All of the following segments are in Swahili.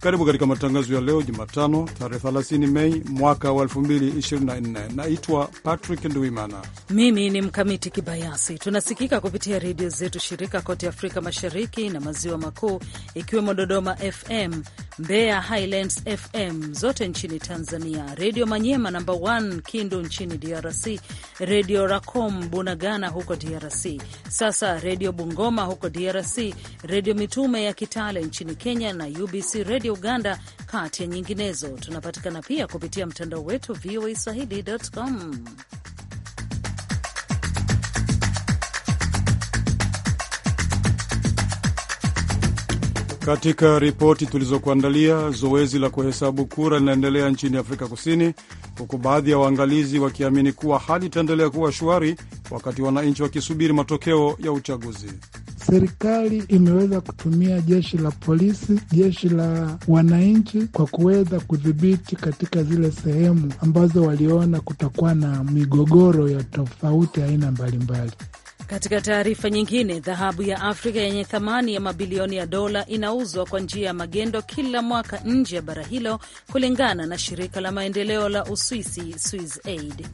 Karibu katika matangazo ya leo Jumatano, tarehe 30 Mei mwaka wa 2024. Naitwa Patrick Nduimana, Mimi ni Mkamiti Kibayasi. Tunasikika kupitia redio zetu shirika kote Afrika Mashariki na Maziwa Makuu, ikiwemo Dodoma FM, Mbeya Highlands FM zote nchini Tanzania, Redio Manyema namba 1 Kindu nchini DRC, Redio Racom Bunagana huko DRC, sasa Redio Bungoma huko DRC, Redio Mitume ya Kitale nchini Kenya na UBC Radio Uganda, kati ya nyinginezo. Tunapatikana pia kupitia mtandao wetu VOA swahili.com. Katika ripoti tulizokuandalia, zoezi la kuhesabu kura linaendelea nchini Afrika Kusini, huku baadhi ya waangalizi wakiamini kuwa hali itaendelea kuwa shwari wakati wananchi wakisubiri matokeo ya uchaguzi serikali imeweza kutumia jeshi la polisi, jeshi la wananchi kwa kuweza kudhibiti katika zile sehemu ambazo waliona kutakuwa na migogoro ya tofauti aina mbalimbali. Katika taarifa nyingine, dhahabu ya Afrika yenye thamani ya mabilioni ya dola inauzwa kwa njia ya magendo kila mwaka nje ya bara hilo, kulingana na shirika la maendeleo la Uswisi, Swiss Aid.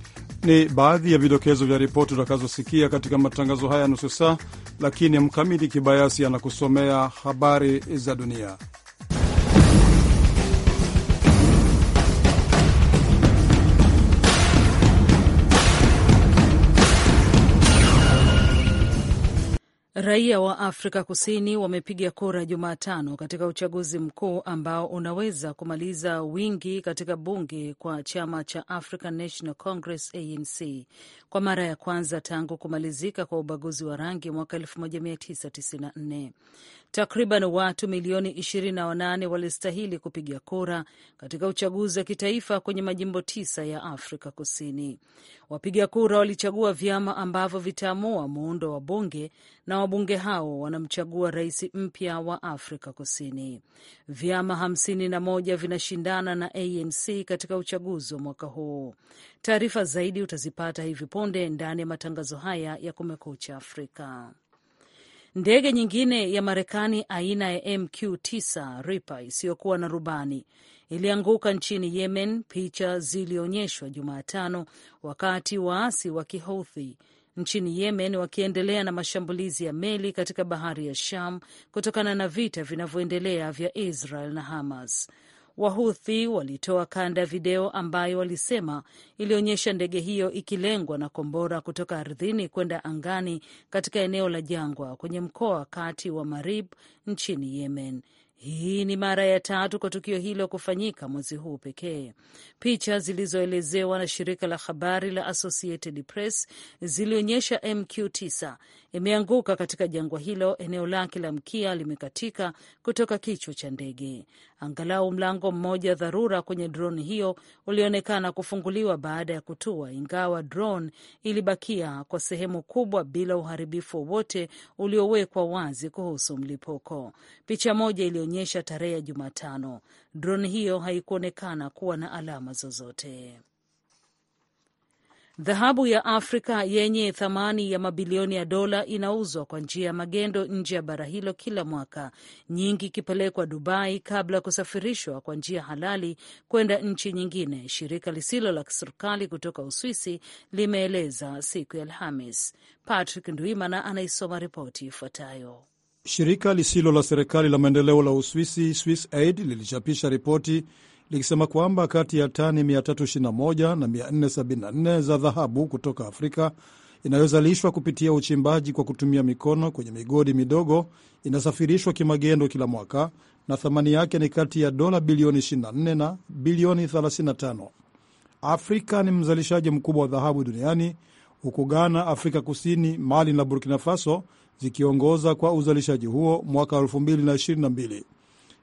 Ni baadhi ya vidokezo vya ripoti utakazosikia katika matangazo haya nusu saa, lakini Mkamiti Kibayasi anakusomea habari za dunia. Raia wa Afrika Kusini wamepiga kura Jumatano katika uchaguzi mkuu ambao unaweza kumaliza wingi katika bunge kwa chama cha African National Congress ANC kwa mara ya kwanza tangu kumalizika kwa ubaguzi wa rangi mwaka 1994. Takriban watu milioni 28 walistahili kupiga kura katika uchaguzi wa kitaifa kwenye majimbo tisa ya Afrika Kusini. Wapiga kura walichagua vyama ambavyo vitaamua muundo wa bunge na wabunge hao wanamchagua rais mpya wa Afrika Kusini. Vyama 51 vinashindana na ANC katika uchaguzi wa mwaka huu. Taarifa zaidi utazipata hivi punde ndani ya matangazo haya ya Kumekucha Afrika. Ndege nyingine ya Marekani aina ya MQ-9 Reaper isiyokuwa na rubani ilianguka nchini Yemen. Picha zilionyeshwa Jumatano wakati waasi wa Kihouthi nchini Yemen wakiendelea na mashambulizi ya meli katika bahari ya Sham kutokana na vita vinavyoendelea vya Israel na Hamas. Wahuthi walitoa kanda ya video ambayo walisema ilionyesha ndege hiyo ikilengwa na kombora kutoka ardhini kwenda angani katika eneo la jangwa kwenye mkoa wa kati wa Marib nchini Yemen. Hii ni mara ya tatu kwa tukio hilo kufanyika mwezi huu pekee. Picha zilizoelezewa na shirika la habari la Associated Press zilionyesha MQ9 imeanguka katika jangwa hilo, eneo lake la mkia limekatika kutoka kichwa cha ndege. Angalau mlango mmoja dharura kwenye droni hiyo ulionekana kufunguliwa baada ya kutua, ingawa drone ilibakia kwa sehemu kubwa bila uharibifu wowote uliowekwa wazi kuhusu mlipuko. Picha moja ilionyesha tarehe ya Jumatano. Droni hiyo haikuonekana kuwa na alama zozote. Dhahabu ya Afrika yenye thamani ya mabilioni ya dola inauzwa kwa njia ya magendo nje ya bara hilo kila mwaka, nyingi ikipelekwa Dubai kabla ya kusafirishwa kwa njia halali kwenda nchi nyingine, shirika lisilo la kiserikali kutoka Uswisi limeeleza siku ya Alhamis. Patrick Ndwimana anaisoma ripoti ifuatayo. Shirika lisilo la serikali la maendeleo la Uswisi, Swiss Aid, lilichapisha ripoti likisema kwamba kati ya tani 321 na 474 za dhahabu kutoka Afrika inayozalishwa kupitia uchimbaji kwa kutumia mikono kwenye migodi midogo inasafirishwa kimagendo kila mwaka na thamani yake ni kati ya dola bilioni 24 na bilioni 35. Afrika ni mzalishaji mkubwa wa dhahabu duniani huku Ghana, Afrika Kusini, Mali na Burkina Faso zikiongoza kwa uzalishaji huo mwaka 2022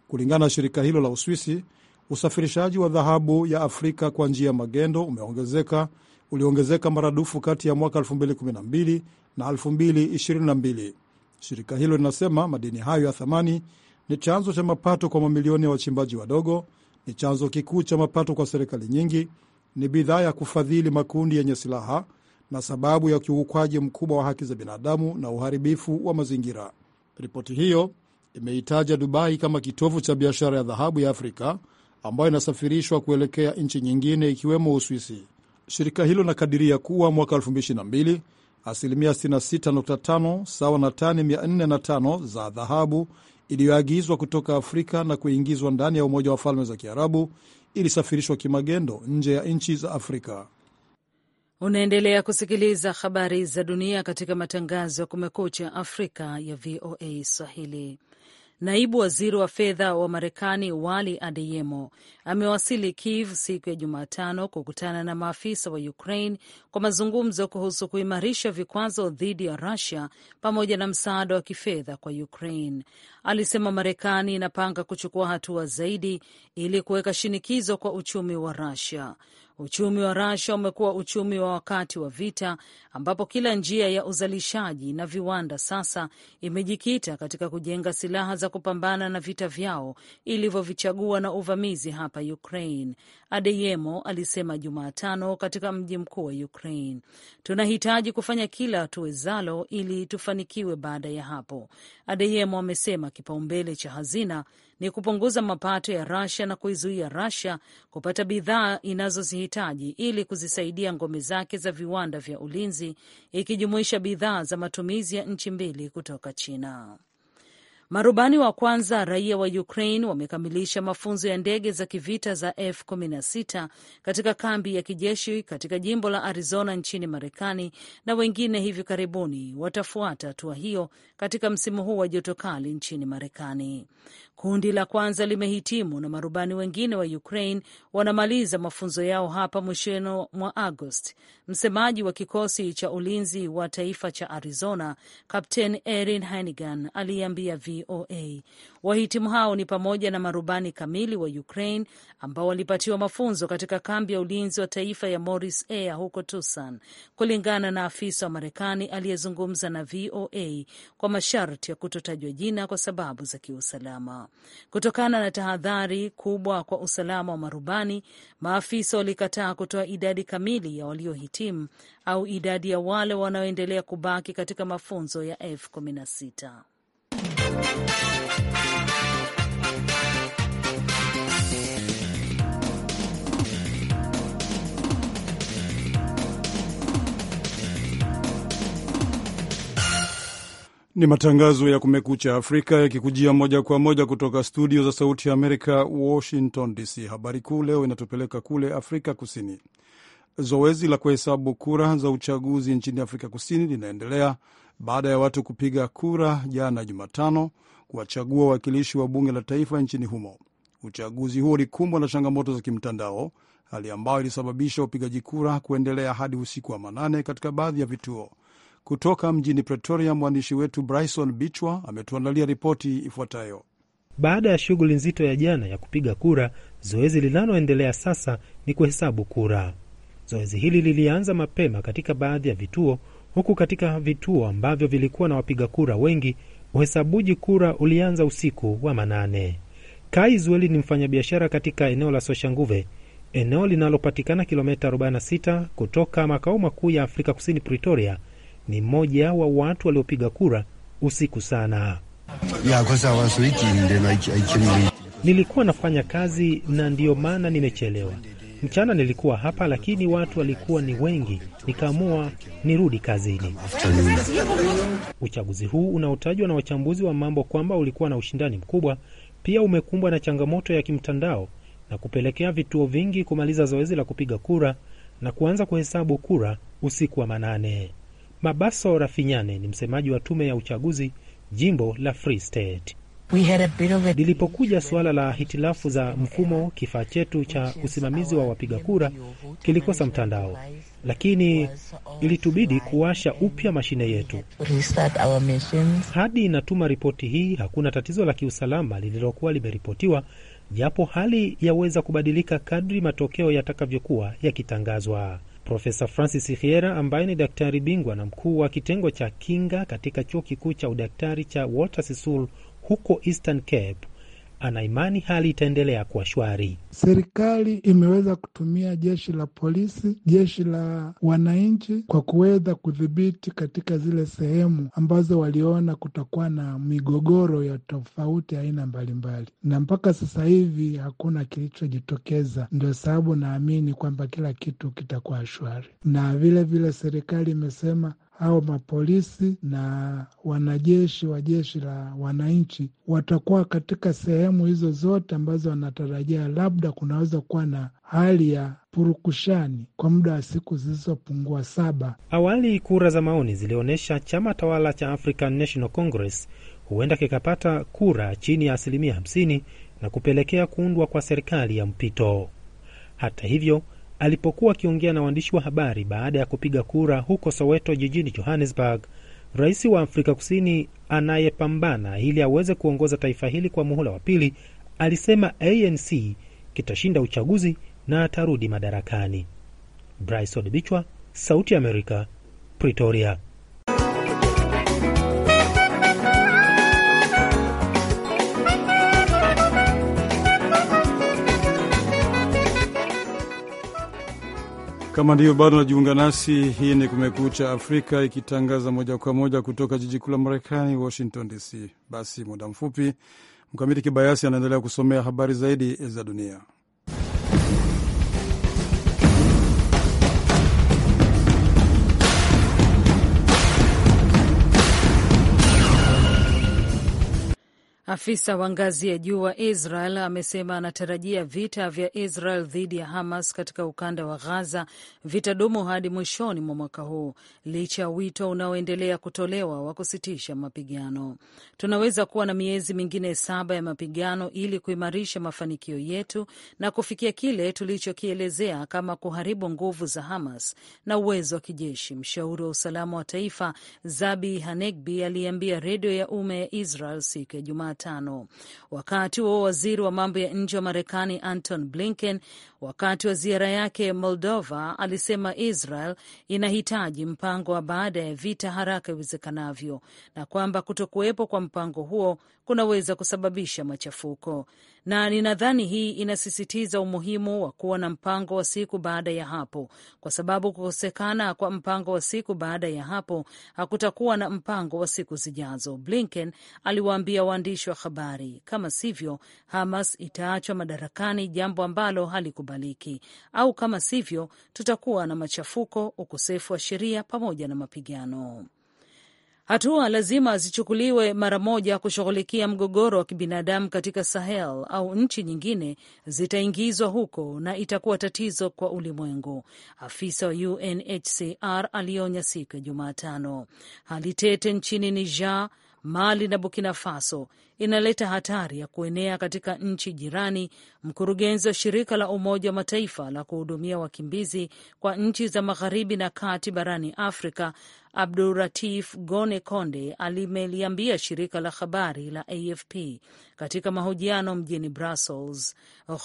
kulingana na shirika hilo la Uswisi. Usafirishaji wa dhahabu ya Afrika kwa njia ya magendo umeongezeka uliongezeka maradufu kati ya mwaka 2012 na 2022. Shirika hilo linasema madini hayo ya thamani ni chanzo cha mapato kwa mamilioni ya wachimbaji wadogo, ni chanzo kikuu cha mapato kwa serikali nyingi, ni bidhaa ya kufadhili makundi yenye silaha na sababu ya ukiukwaji mkubwa wa haki za binadamu na uharibifu wa mazingira. Ripoti hiyo imeitaja Dubai kama kitovu cha biashara ya dhahabu ya Afrika ambayo inasafirishwa kuelekea nchi nyingine ikiwemo Uswisi. Shirika hilo linakadiria kuwa mwaka 2022 asilimia 66.5 sawa na tani 405 za dhahabu iliyoagizwa kutoka Afrika na kuingizwa ndani ya Umoja wa Falme za Kiarabu ilisafirishwa kimagendo nje ya nchi za Afrika. Unaendelea kusikiliza habari za dunia katika matangazo ya Kumekucha Afrika ya VOA Swahili. Naibu waziri wa fedha wa Marekani Wali Adeyemo amewasili Kiev siku ya Jumatano kukutana na maafisa wa Ukraine kwa mazungumzo kuhusu kuimarisha vikwazo dhidi ya Rusia pamoja na msaada wa kifedha kwa Ukraine. Alisema Marekani inapanga kuchukua hatua zaidi ili kuweka shinikizo kwa uchumi wa Rusia. Uchumi wa Rasia umekuwa uchumi wa wakati wa vita, ambapo kila njia ya uzalishaji na viwanda sasa imejikita katika kujenga silaha za kupambana na vita vyao ilivyovichagua na uvamizi hapa Ukraine. Adeyemo alisema Jumatano katika mji mkuu wa Ukraine. Tunahitaji kufanya kila tuwezalo ili tufanikiwe baada ya hapo, Adeyemo amesema. Kipaumbele cha hazina ni kupunguza mapato ya rasia na kuizuia rasia kupata bidhaa inazozihitaji ili kuzisaidia ngome zake za viwanda vya ulinzi, ikijumuisha bidhaa za matumizi ya nchi mbili kutoka China. Marubani wa kwanza raia wa Ukraine wamekamilisha mafunzo ya ndege za kivita za F-16 katika kambi ya kijeshi katika jimbo la Arizona nchini Marekani, na wengine hivi karibuni watafuata hatua hiyo katika msimu huu wa joto kali nchini Marekani. Kundi la kwanza limehitimu na marubani wengine wa Ukraine wanamaliza mafunzo yao hapa mwishoni mwa Agosti. Msemaji wa kikosi cha ulinzi wa taifa cha Arizona, Kapten Erin Hannigan aliambia VOA. Wahitimu hao ni pamoja na marubani kamili wa Ukraine ambao walipatiwa mafunzo katika kambi ya ulinzi wa taifa ya Morris Air huko Tucson, kulingana na afisa wa Marekani aliyezungumza na VOA kwa masharti ya kutotajwa jina kwa sababu za kiusalama. Kutokana na tahadhari kubwa kwa usalama wa marubani, maafisa walikataa kutoa idadi kamili ya waliohitimu au idadi ya wale wanaoendelea kubaki katika mafunzo ya F16. Ni matangazo ya Kumekucha Afrika yakikujia moja kwa moja kutoka studio za Sauti ya Amerika, Washington DC. Habari kuu leo inatopeleka kule Afrika Kusini. Zoezi la kuhesabu kura za uchaguzi nchini Afrika Kusini linaendelea baada ya watu kupiga kura jana Jumatano kuwachagua wawakilishi wa bunge la taifa nchini humo. Uchaguzi huo ulikumbwa na changamoto za kimtandao, hali ambayo ilisababisha upigaji kura kuendelea hadi usiku wa manane katika baadhi ya vituo. Kutoka mjini Pretoria, mwandishi wetu Bryson Bichwa ametuandalia ripoti ifuatayo. Baada ya shughuli nzito ya jana ya kupiga kura, zoezi linaloendelea sasa ni kuhesabu kura. Zoezi hili lilianza mapema katika baadhi ya vituo huku katika vituo ambavyo vilikuwa na wapiga kura wengi uhesabuji kura ulianza usiku wa manane. Kai Zweli ni mfanyabiashara katika eneo la Soshanguve, eneo linalopatikana kilomita 46 kutoka makao makuu ya Afrika Kusini, Pretoria. Ni mmoja wa watu waliopiga kura usiku sana. nilikuwa nafanya kazi na ndiyo maana nimechelewa Mchana nilikuwa hapa, lakini watu walikuwa ni wengi, nikaamua nirudi kazini. Uchaguzi huu unaotajwa na wachambuzi wa mambo kwamba ulikuwa na ushindani mkubwa, pia umekumbwa na changamoto ya kimtandao na kupelekea vituo vingi kumaliza zoezi la kupiga kura na kuanza kuhesabu kura usiku wa manane. Mabaso Rafinyane ni msemaji wa tume ya uchaguzi jimbo la Free State. Lilipokuja suala la hitilafu za mfumo, kifaa chetu cha usimamizi wa wapiga kura kilikosa mtandao, lakini ilitubidi kuwasha upya mashine yetu. Hadi inatuma ripoti hii, hakuna tatizo la kiusalama lililokuwa limeripotiwa, japo hali yaweza kubadilika kadri matokeo yatakavyokuwa yakitangazwa. Profesa Francis Hiera ambaye ni daktari bingwa na mkuu wa kitengo cha kinga katika chuo kikuu cha udaktari cha Walter Sisulu huko Eastern Cape, anaimani hali itaendelea kuwa shwari. Serikali imeweza kutumia jeshi la polisi, jeshi la wananchi kwa kuweza kudhibiti katika zile sehemu ambazo waliona kutakuwa na migogoro ya tofauti aina mbalimbali, na mpaka sasa hivi hakuna kilichojitokeza. Ndio sababu naamini kwamba kila kitu kitakuwa shwari, na vilevile serikali imesema au mapolisi na wanajeshi wa jeshi la wananchi watakuwa katika sehemu hizo zote ambazo wanatarajia labda kunaweza kuwa na hali ya purukushani kwa muda wa siku zilizopungua saba. Awali kura za maoni zilionyesha chama tawala cha African National Congress huenda kikapata kura chini ya asilimia 50 na kupelekea kuundwa kwa serikali ya mpito. Hata hivyo Alipokuwa akiongea na waandishi wa habari baada ya kupiga kura huko Soweto jijini Johannesburg, rais wa Afrika Kusini anayepambana ili aweze kuongoza taifa hili kwa muhula wa pili alisema ANC kitashinda uchaguzi na atarudi madarakani. Bryson Bichwa, Sauti ya Amerika, Pretoria. Kama ndivyo bado najiunga nasi, hii ni Kumekucha Afrika ikitangaza moja kwa moja kutoka jiji kuu la Marekani, Washington DC. Basi muda mfupi Mkamiti Kibayasi anaendelea kusomea habari zaidi za dunia. Afisa wa ngazi ya juu wa Israel amesema anatarajia vita vya Israel dhidi ya Hamas katika ukanda wa Ghaza vitadumu hadi mwishoni mwa mwaka huu, licha ya wito unaoendelea kutolewa wa kusitisha mapigano. Tunaweza kuwa na miezi mingine saba ya mapigano ili kuimarisha mafanikio yetu na kufikia kile tulichokielezea kama kuharibu nguvu za Hamas na uwezo wa kijeshi, mshauri wa usalama wa taifa Zabi Hanegbi aliyeambia redio ya umma ya Israel siku ya Jumaa Jumatano. Wakati huo waziri wa mambo ya nje wa Marekani Anton Blinken, wakati wa ziara yake Moldova, alisema Israel inahitaji mpango wa baada ya vita haraka iwezekanavyo na kwamba kutokuwepo kwa mpango huo kunaweza kusababisha machafuko, na ninadhani hii inasisitiza umuhimu wa kuwa na mpango wa siku baada ya hapo, kwa sababu kukosekana kwa mpango wa siku baada ya hapo hakutakuwa na mpango wa siku zijazo, Blinken aliwaambia waandishi wa habari. Kama sivyo, Hamas itaachwa madarakani, jambo ambalo halikubaliki, au kama sivyo, tutakuwa na machafuko, ukosefu wa sheria pamoja na mapigano. Hatua lazima zichukuliwe mara moja kushughulikia mgogoro wa kibinadamu katika Sahel au nchi nyingine zitaingizwa huko na itakuwa tatizo kwa ulimwengu, afisa wa UNHCR alionya siku ya Jumatano. Hali tete nchini Niger Mali na Burkina Faso inaleta hatari ya kuenea katika nchi jirani. Mkurugenzi wa shirika la Umoja wa Mataifa la kuhudumia wakimbizi kwa nchi za magharibi na kati barani Afrika, Abduratif Gone Konde, alimeliambia shirika la habari la AFP katika mahojiano mjini Brussels.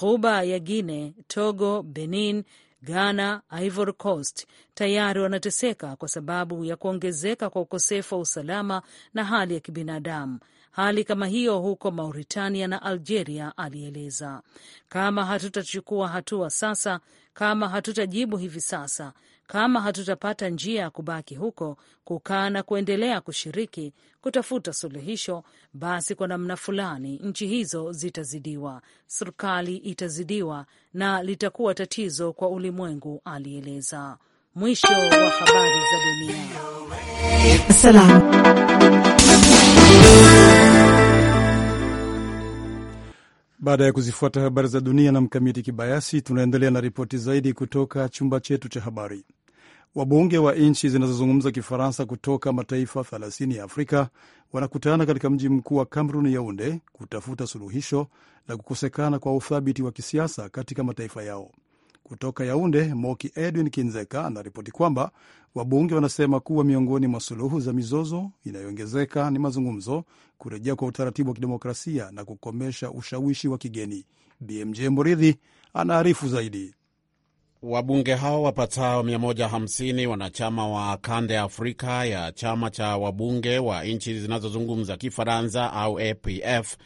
Ghuba ya Guine, Togo, Benin, Ghana, Ivory Coast tayari wanateseka kwa sababu ya kuongezeka kwa ukosefu wa usalama na hali ya kibinadamu. Hali kama hiyo huko Mauritania na Algeria, alieleza. Kama hatutachukua hatua sasa, kama hatutajibu hivi sasa, kama hatutapata njia ya kubaki huko, kukaa na kuendelea kushiriki kutafuta suluhisho, basi kwa namna fulani nchi hizo zitazidiwa, serikali itazidiwa na litakuwa tatizo kwa ulimwengu, alieleza. Mwisho wa habari za dunia. Baada ya kuzifuata habari za dunia na Mkamiti Kibayasi, tunaendelea na ripoti zaidi kutoka chumba chetu cha habari. Wabunge wa nchi zinazozungumza Kifaransa kutoka mataifa 30 ya Afrika wanakutana katika mji mkuu wa Cameroon, Yaunde, kutafuta suluhisho la kukosekana kwa uthabiti wa kisiasa katika mataifa yao. Kutoka Yaunde, Moki Edwin Kinzeka anaripoti kwamba wabunge wanasema kuwa miongoni mwa suluhu za mizozo inayoongezeka ni mazungumzo, kurejea kwa utaratibu wa kidemokrasia na kukomesha ushawishi wa kigeni. BMJ Muridhi anaarifu zaidi. Wabunge hao wapatao 150 wanachama wa kanda ya Afrika ya chama cha wabunge wa nchi zinazozungumza Kifaransa au APF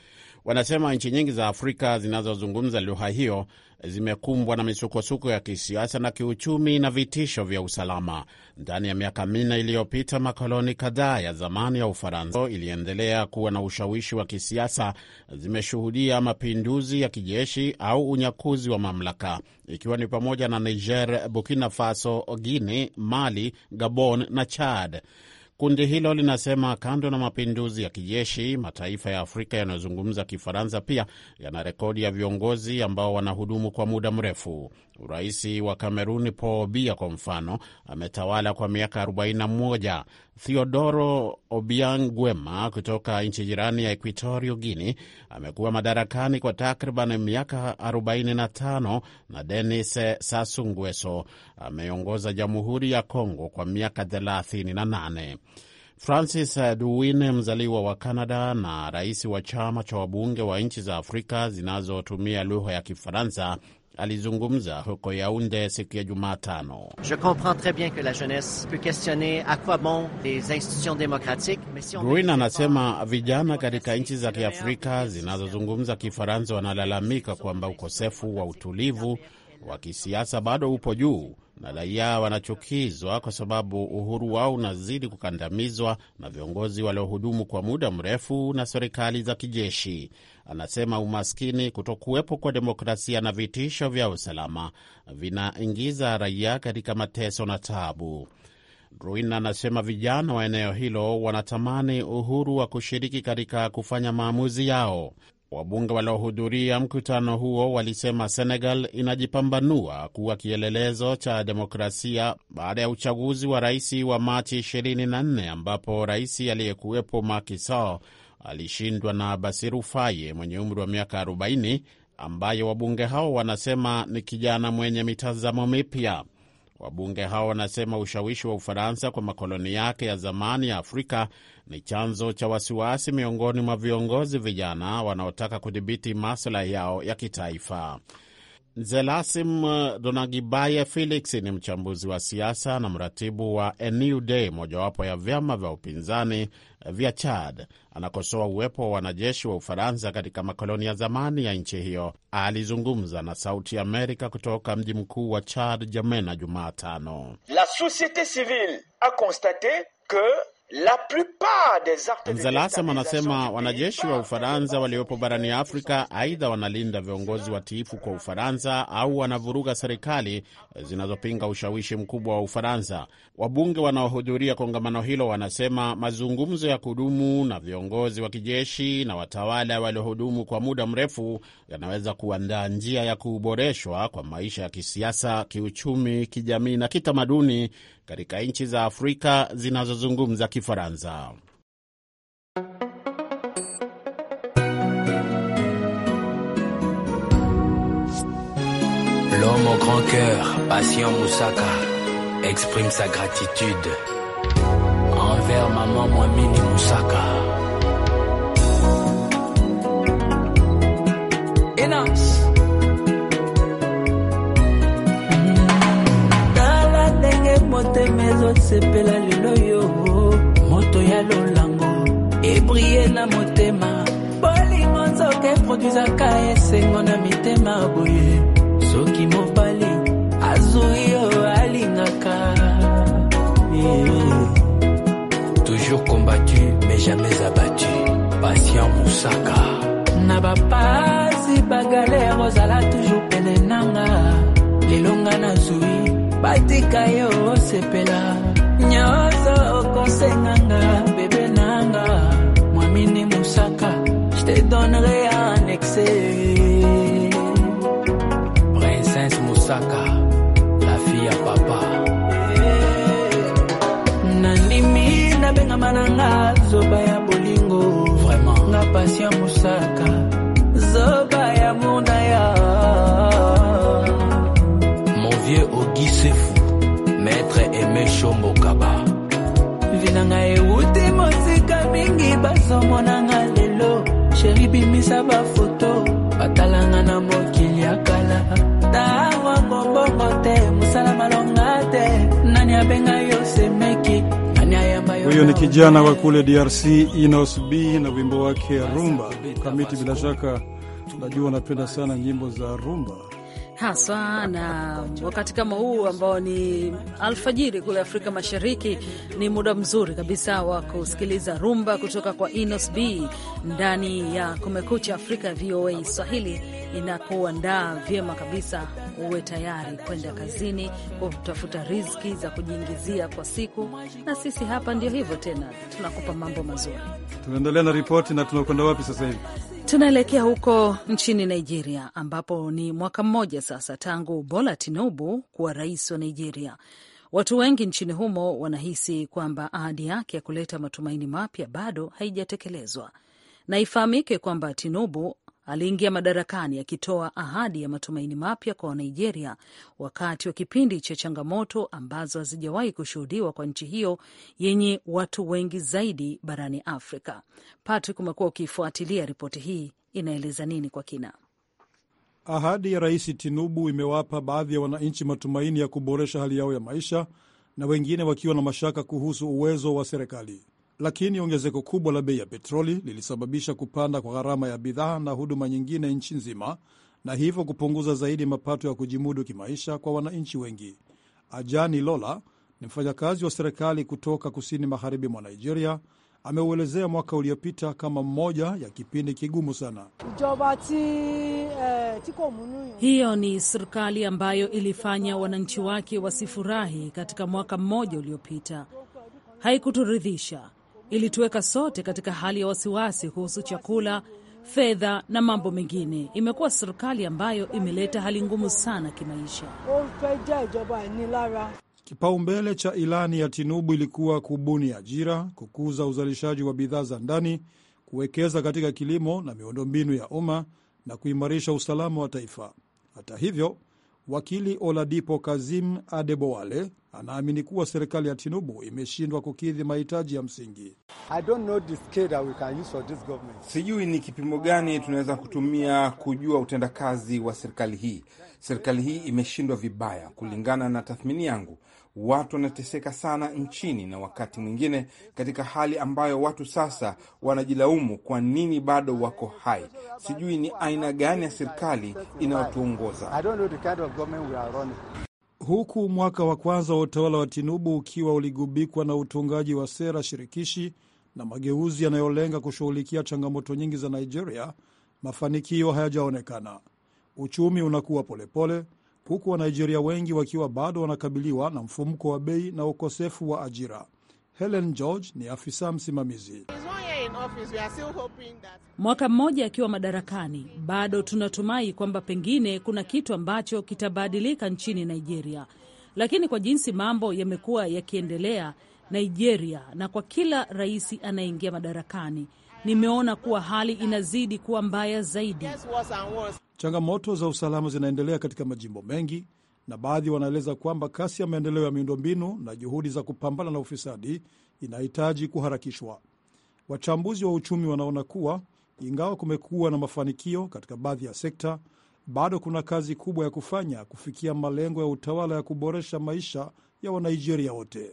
wanasema nchi nyingi za Afrika zinazozungumza lugha hiyo zimekumbwa na misukosuko ya kisiasa na kiuchumi na vitisho vya usalama. Ndani ya miaka minne iliyopita, makoloni kadhaa ya zamani ya Ufaransa iliendelea kuwa na ushawishi wa kisiasa, zimeshuhudia mapinduzi ya kijeshi au unyakuzi wa mamlaka, ikiwa ni pamoja na Niger, Burkina Faso, Guinea, Mali, Gabon na Chad. Kundi hilo linasema kando na mapinduzi ya kijeshi, mataifa ya Afrika yanayozungumza Kifaransa pia yana rekodi ya viongozi ambao wanahudumu kwa muda mrefu. Rais wa Kameruni Paul Biya kwa mfano ametawala kwa miaka 41. Theodoro Obiang gwema kutoka nchi jirani ya Equatorio Guini amekuwa madarakani kwa takriban miaka 45 na Denis Sassou Nguesso ameongoza Jamhuri ya Kongo kwa miaka 38. Francis Duwine, mzaliwa wa canada na rais wa chama cha wabunge wa nchi za Afrika zinazotumia lugha ya Kifaransa Alizungumza huko Yaunde siku ya Jumatano. anasema vijana katika nchi za Kiafrika zinazozungumza Kifaransa wanalalamika kwamba ukosefu wa utulivu wa kisiasa bado upo juu na raia wanachukizwa kwa sababu uhuru wao unazidi kukandamizwa na viongozi waliohudumu kwa muda mrefu na serikali za kijeshi. Anasema umaskini, kutokuwepo kwa demokrasia na vitisho vya usalama vinaingiza raia katika mateso na taabu. Ruin anasema vijana wa eneo hilo wanatamani uhuru wa kushiriki katika kufanya maamuzi yao. Wabunge waliohudhuria mkutano huo walisema Senegal inajipambanua kuwa kielelezo cha demokrasia baada ya uchaguzi wa rais wa Machi 24 ambapo rais aliyekuwepo Macky Sall alishindwa na Basiru Faye mwenye umri wa miaka 40 ambaye wabunge hao wanasema ni kijana mwenye mitazamo mipya. Wabunge hao wanasema ushawishi wa Ufaransa kwa makoloni yake ya zamani ya Afrika ni chanzo cha wasiwasi miongoni mwa viongozi vijana wanaotaka kudhibiti maslahi yao ya kitaifa. Zelasim eh, Donagibaye Felix ni mchambuzi wa siasa na mratibu wa A New Day, mojawapo ya vyama vya upinzani eh, vya Chad. Anakosoa uwepo wa wanajeshi wa Ufaransa katika makoloni ya zamani ya nchi hiyo. Alizungumza na Sauti Amerika kutoka mji mkuu wa Chad, Jamena, Jumatano. La societe civile a constate que Mzalasam anasema wanajeshi wa Ufaransa waliopo barani Afrika aidha wanalinda viongozi watiifu kwa Ufaransa au wanavuruga serikali zinazopinga ushawishi mkubwa wa Ufaransa. Wabunge wanaohudhuria kongamano hilo wanasema mazungumzo ya kudumu na viongozi wa kijeshi na watawala waliohudumu kwa muda mrefu yanaweza kuandaa njia ya kuboreshwa kwa maisha ya kisiasa, kiuchumi, kijamii na kitamaduni katika nchi za Afrika zinazozungumza Kifaransa. L'homme au grand cœur, Patient Moussaka, exprime sa gratitude envers maman Mwamini Moussaka. Énonce. motema ezosepela lelo yo moto ya lolango ebrie na motema bolingo nzoka eprodwisaka esengo na mitema boye soki mobali azwi yo alingaka toujours combattu mais jamais abattu patient mosaka na bapasi bagalere ozala toujours pene nanga lelonga nazwi batika yo osepela nyonso okosenganga bebe nanga mwamini musaka jte donnerai annexé princesse Moussaka, la fille ya papa eh, nandimi nabengama nanga zoba ya bolingo vraiment nga pasi ya mosaka ya Xavier Ogisefu, Maître Aimé Shombo Kaba. Vinanga euti mosika mingi basomo lelo sheri bimisa bafoto batalanga na mokili ya kala ntawa ngobongo te mosala malonga te nani abenga yo semeki huyo ni kijana wa kule DRC Inos B na wimbo wake Rumba. Kamiti, bila shaka najua unapenda sana nyimbo za rumba haswa na wakati kama huu ambao ni alfajiri kule Afrika Mashariki, ni muda mzuri kabisa wa kusikiliza rumba kutoka kwa Inos B ndani ya Kumekucha Afrika ya VOA Swahili inakuandaa vyema kabisa, uwe tayari kwenda kazini kutafuta riziki za kujiingizia kwa siku. Na sisi hapa ndio hivyo tena, tunakupa mambo mazuri. Tunaendelea na ripoti na tunakwenda wapi sasa hivi? Tunaelekea huko nchini Nigeria ambapo ni mwaka mmoja sasa tangu Bola Tinubu kuwa rais wa Nigeria. Watu wengi nchini humo wanahisi kwamba ahadi yake ya kuleta matumaini mapya bado haijatekelezwa. Na ifahamike kwamba Tinubu aliingia madarakani akitoa ahadi ya matumaini mapya kwa Wanigeria wakati wa kipindi cha changamoto ambazo hazijawahi kushuhudiwa kwa nchi hiyo yenye watu wengi zaidi barani Afrika. Patrick, umekuwa ukiifuatilia ripoti hii, inaeleza nini kwa kina? Ahadi ya Rais Tinubu imewapa baadhi ya wananchi matumaini ya kuboresha hali yao ya maisha na wengine wakiwa na mashaka kuhusu uwezo wa serikali lakini ongezeko kubwa la bei ya petroli lilisababisha kupanda kwa gharama ya bidhaa na huduma nyingine nchi nzima na hivyo kupunguza zaidi mapato ya kujimudu kimaisha kwa wananchi wengi. Ajani Lola ni mfanyakazi wa serikali kutoka kusini magharibi mwa Nigeria. Ameuelezea mwaka uliopita kama mmoja ya kipindi kigumu sana. Hiyo ni serikali ambayo ilifanya wananchi wake wasifurahi katika mwaka mmoja uliopita, haikuturidhisha ilituweka sote katika hali ya wasiwasi kuhusu chakula, fedha na mambo mengine. Imekuwa serikali ambayo imeleta hali ngumu sana kimaisha. Kipaumbele cha ilani ya Tinubu ilikuwa kubuni ajira, kukuza uzalishaji wa bidhaa za ndani, kuwekeza katika kilimo na miundombinu ya umma na kuimarisha usalama wa taifa. Hata hivyo, wakili Oladipo Kazim Adebowale anaamini kuwa serikali ya Tinubu imeshindwa kukidhi mahitaji ya msingi. Sijui ni kipimo gani tunaweza kutumia kujua utendakazi wa serikali hii. Serikali hii imeshindwa vibaya. Kulingana na tathmini yangu, watu wanateseka sana nchini, na wakati mwingine katika hali ambayo watu sasa wanajilaumu kwa nini bado wako hai. Sijui ni aina gani ya serikali inayotuongoza huku mwaka wa kwanza wa utawala wa Tinubu ukiwa uligubikwa na utungaji wa sera shirikishi na mageuzi yanayolenga kushughulikia changamoto nyingi za Nigeria, mafanikio hayajaonekana. Uchumi unakuwa polepole, huku Wanigeria wengi wakiwa bado wanakabiliwa na mfumko wa bei na ukosefu wa ajira. Helen George ni afisa msimamizi. Mwaka mmoja akiwa madarakani, bado tunatumai kwamba pengine kuna kitu ambacho kitabadilika nchini Nigeria, lakini kwa jinsi mambo yamekuwa yakiendelea Nigeria na kwa kila rais anayeingia madarakani, nimeona kuwa hali inazidi kuwa mbaya zaidi. Changamoto za usalama zinaendelea katika majimbo mengi, na baadhi wanaeleza kwamba kasi ya maendeleo ya miundombinu na juhudi za kupambana na ufisadi inahitaji kuharakishwa. Wachambuzi wa uchumi wanaona kuwa ingawa kumekuwa na mafanikio katika baadhi ya sekta, bado kuna kazi kubwa ya kufanya kufikia malengo ya utawala ya kuboresha maisha ya Wanigeria wote.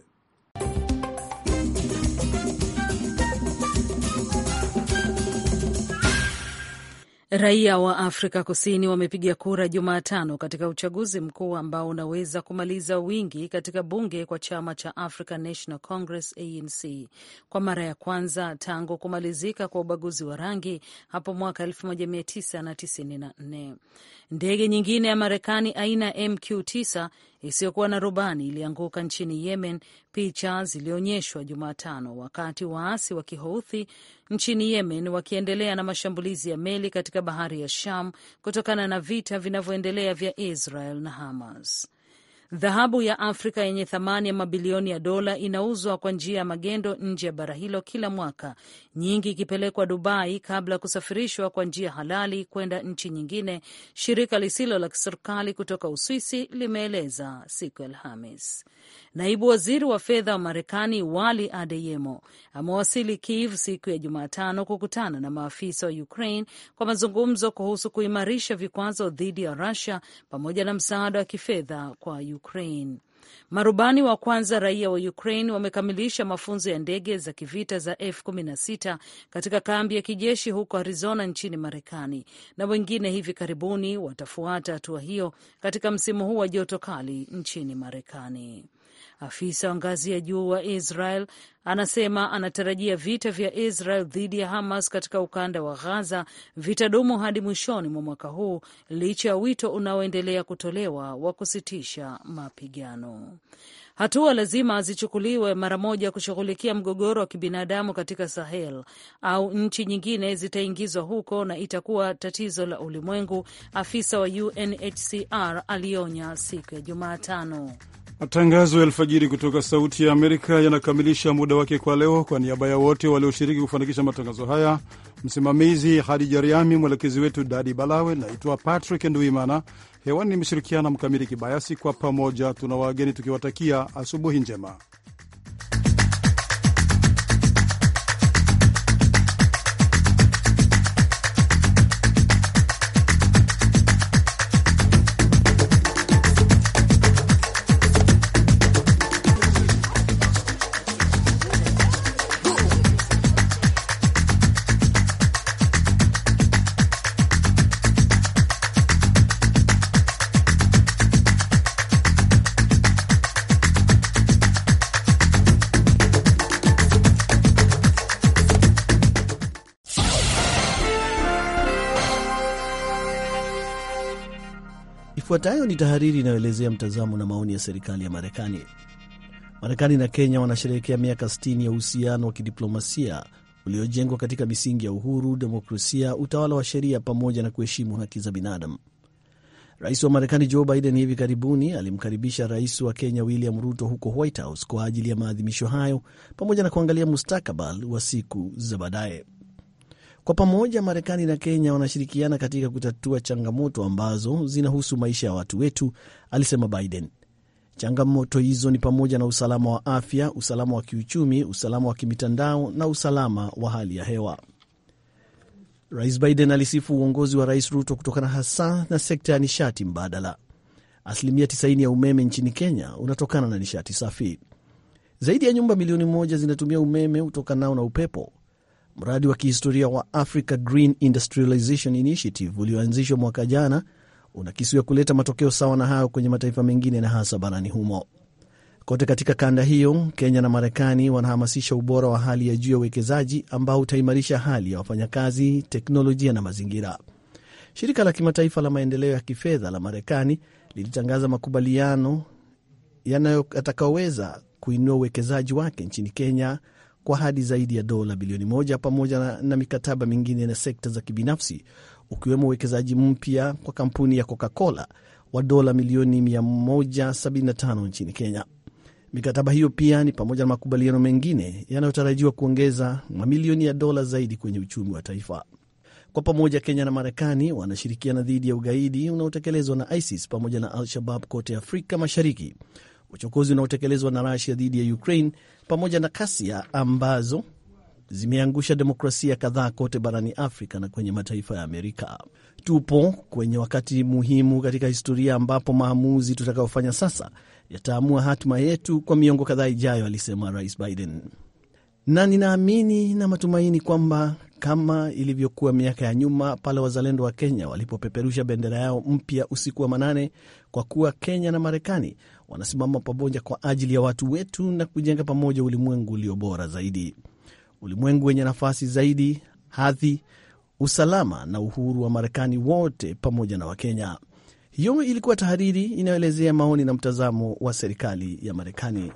Raia wa Afrika Kusini wamepiga kura Jumatano katika uchaguzi mkuu ambao unaweza kumaliza wingi katika bunge kwa chama cha African National Congress ANC kwa mara ya kwanza tangu kumalizika kwa ubaguzi wa rangi hapo mwaka 1994. Ndege nyingine ya Marekani aina ya MQ9 isiyokuwa na rubani ilianguka nchini Yemen. Picha zilionyeshwa Jumatano wakati waasi wa Kihouthi nchini Yemen wakiendelea na mashambulizi ya meli katika bahari ya Sham kutokana na vita vinavyoendelea vya Israel na Hamas. Dhahabu ya Afrika yenye thamani ya mabilioni ya dola inauzwa kwa njia ya magendo nje ya bara hilo kila mwaka, nyingi ikipelekwa Dubai kabla ya kusafirishwa kwa njia halali kwenda nchi nyingine, shirika lisilo la kiserikali kutoka Uswisi limeeleza siku ya Alhamis. Naibu waziri wa fedha wa Marekani Wali Adeyemo amewasili Kiev siku ya Jumatano kukutana na maafisa wa Ukraine kwa mazungumzo kuhusu kuimarisha vikwazo dhidi ya Rusia pamoja na msaada wa kifedha kwa Ukraine. Marubani wa kwanza raia wa Ukraine wamekamilisha mafunzo ya ndege za kivita za F-16 katika kambi ya kijeshi huko Arizona nchini Marekani, na wengine hivi karibuni watafuata hatua hiyo katika msimu huu wa joto kali nchini Marekani. Afisa wa ngazi ya juu wa Israel anasema anatarajia vita vya Israel dhidi ya Hamas katika ukanda wa Ghaza vitadumu hadi mwishoni mwa mwaka huu licha ya wito unaoendelea kutolewa wa kusitisha mapigano. Hatua lazima zichukuliwe mara moja kushughulikia mgogoro wa kibinadamu katika Sahel au nchi nyingine zitaingizwa huko na itakuwa tatizo la ulimwengu, afisa wa UNHCR alionya siku ya Jumatano. Matangazo ya alfajiri kutoka Sauti ya Amerika yanakamilisha muda wake kwa leo. Kwa niaba ya wote walioshiriki kufanikisha matangazo haya, msimamizi Hadija Riami, mwelekezi wetu Dadi Balawe, naitwa Patrick Nduimana. Hewani nimeshirikiana Mkamili Kibayasi, kwa pamoja tuna wageni tukiwatakia asubuhi njema. Ifuatayo ni tahariri inayoelezea mtazamo na maoni ya serikali ya Marekani. Marekani na Kenya wanasherehekea miaka 60 ya uhusiano wa kidiplomasia uliojengwa katika misingi ya uhuru, demokrasia, utawala wa sheria pamoja na kuheshimu haki za binadamu. Rais wa Marekani Joe Biden hivi karibuni alimkaribisha rais wa Kenya William Ruto huko White House kwa ajili ya maadhimisho hayo pamoja na kuangalia mustakabali wa siku za baadaye. Kwa pamoja, Marekani na Kenya wanashirikiana katika kutatua changamoto ambazo zinahusu maisha ya watu wetu, alisema Biden. Changamoto hizo ni pamoja na usalama wa afya, usalama wa kiuchumi, usalama wa kimitandao na usalama wa hali ya hewa. Rais Biden alisifu uongozi wa Rais Ruto kutokana hasa na sekta ya nishati mbadala. Asilimia 90 ya umeme nchini Kenya unatokana na nishati safi. Zaidi ya nyumba milioni moja zinatumia umeme utokanao na upepo, Mradi wa kihistoria wa Africa Green Industrialization Initiative ulioanzishwa mwaka jana unakisiwa kuleta matokeo sawa na hayo kwenye mataifa mengine na hasa barani humo. Kote katika kanda hiyo, Kenya na Marekani wanahamasisha ubora wa hali ya juu ya uwekezaji ambao utaimarisha hali ya wafanyakazi, teknolojia na mazingira. Shirika la kimataifa la maendeleo ya kifedha la Marekani lilitangaza makubaliano yatakaoweza kuinua uwekezaji wake nchini Kenya kwa hadi zaidi ya dola bilioni moja pamoja na, na mikataba mingine na sekta za kibinafsi ukiwemo uwekezaji mpya kwa kampuni ya Coca-Cola wa dola milioni 175 nchini Kenya. Mikataba hiyo pia ni pamoja na makubaliano mengine yanayotarajiwa kuongeza mamilioni ya dola zaidi kwenye uchumi wa taifa. Kwa pamoja, Kenya na Marekani wanashirikiana dhidi ya ugaidi unaotekelezwa na ISIS pamoja na Al-Shabab kote Afrika Mashariki, uchokozi unaotekelezwa na Rusia dhidi ya Ukraine pamoja na kasia ambazo zimeangusha demokrasia kadhaa kote barani Afrika na kwenye mataifa ya Amerika. Tupo kwenye wakati muhimu katika historia ambapo maamuzi tutakayofanya sasa yataamua hatima yetu kwa miongo kadhaa ijayo, alisema Rais Biden, na ninaamini na matumaini kwamba kama ilivyokuwa miaka ya nyuma pale wazalendo wa Kenya walipopeperusha bendera yao mpya usiku wa manane, kwa kuwa Kenya na Marekani wanasimama pamoja kwa ajili ya watu wetu na kujenga pamoja ulimwengu ulio bora zaidi, ulimwengu wenye nafasi zaidi, hadhi, usalama na uhuru wa Marekani wote pamoja na Wakenya. Hiyo ilikuwa tahariri inayoelezea maoni na mtazamo wa serikali ya Marekani.